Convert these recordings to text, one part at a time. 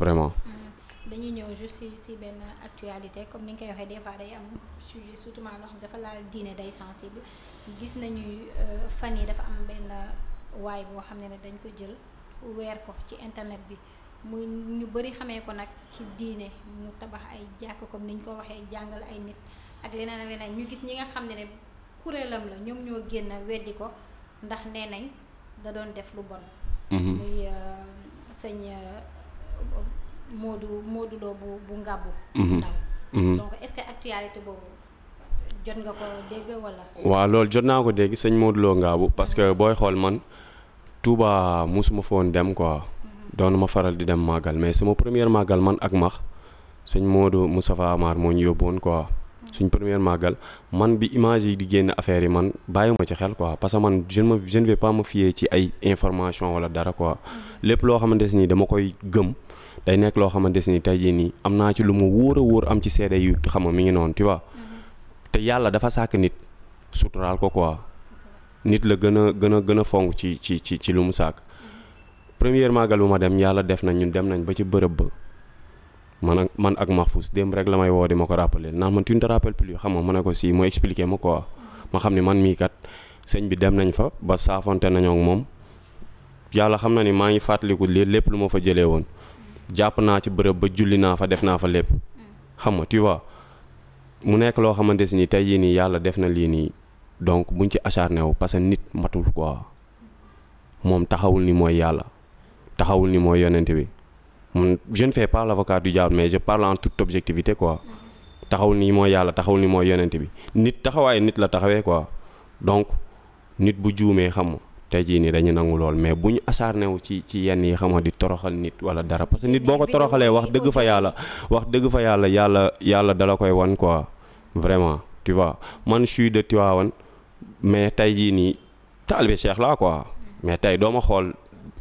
vraiment. Mm-hmm. dañuy ñëw juste si si benn actualité comme ni nga koy waxee des fois day am sujet surtout loo xam dafa laal diine day sensible gis nañu euh, fan yi dafa am benn waay boo xam ne ne dañ ko jël weer ko ci internet bi muy ñu bëri xamee ko nag ci diine mu tabax ay jàkk comme ni ñu ko waxee jàngal ay nit ak leneen ak leneen ñu gis ñi nga xam ne ne kuréelam la ñoom ñoo génn weddi ko ndax nee nañ da doon def lu bon. Mm-hmm. muy euh, sëñ. Euh, Moodu Moodu Lo mhm. Mhm. jot loolu jot naa ko dégg sëñ Moodu Lo Ngabou parce que booy xool man Touba mosuma foon dem quoi. Mhm. doon ma faral di dem màggal mais suma première màggal man ak max sëñ Moodu Moustapha Amar moo ñu yóbboon quoi. suñ première màggal man bi image yi di génn affaire yi man bàyyiwuma ci xel quoi parce que man je ne je ne vais pas me fier ci ay information wala dara quoi lépp loo xamante nii dama koy gëm. day nekk loo xamante ni tey jii nii am naa ci lu ma wóora wóor am ci seede yu xam nga mi ngi noonu tu vois mm-hmm. te yàlla dafa sàkk nit suturaal ko quoi nit la gën a gën a gën a fonk ci ci ci ci lu mu sàkk mm-hmm. première màggal bu ma dem yàlla def nañ ñun dem nañ ba ci bërëb ba man ak man ak Mahfous démb rek la may woo di ma ko rappeler naan man tu ne plus xam nga ma ne ko si moo expliqué ma quoi mm-hmm. ma xam ne man mii kat sëñ bi dem nañ fa ba saafonte nañoo ak moom yàlla xam na ni maa ngi fàttaliku lépp lu ma fa jëlee woon jàpp naa ci bërëb ba julli naa fa def naa fa lépp xam nga tu mu nekk loo xamante si ni tey yii nii yàlla def na lii nii donc buñ ci acharné wu parce que nit matul quoi moom taxawul ni mooy yàlla taxawul ni mooy yonent bi mun je ne fais pas l'avocat du diable mais je parle en toute objectivité quoi taxawul ni mooy yàlla taxawul ni mooy yonent bi nit taxawaay nit la taxawee quoi donc nit bu juumee xam tey jii nii dañu nangu lool mais bu ñu acharné wu ci ci yenn yi xam nga di toroxal nit wala dara parce que nit boo ko toroxalee wax dëgg fa yàlla wax dëgg fa yàlla yàlla yàlla dala koy wan quoi vraiment tu man je suis de Tivaouane mais tey jii nii taalibe laa quoi mais tey doo ma xool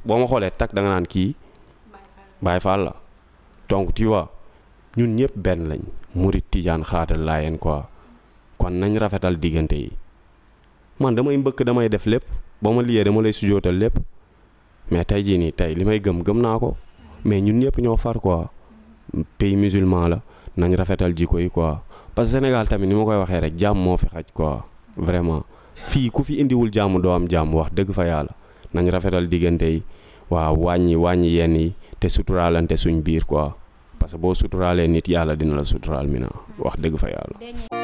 boo ma xoolee takk da nga naan kii Baye fàlla la donc tu vois ñun ñëpp benn lañ murit tijaan xaatal laa laayeen quoi kon nañ rafetal diggante yi. man damay mbëkk damay def lépp ba ma liyee dama lay sujootal lépp mais tey jii nii tey li may gëm gëm naa ko mais ñun ñëpp ñoo far quoi pays musulman la nañ rafetal jikko yi quoi parce que Sénégal tamit ni ma koy waxee rek jàmm moo fi xaj quoi vraiment fii ku fi indiwul jàmm doo am jàmm wax dëgg fa yàlla nañ rafetal diggante yi waaw wàññi wàññi yenn yi te suturaalante suñ biir quoi parce que boo suturaalee nit yàlla dina la suturaal mi na wax dëgg fa yàlla.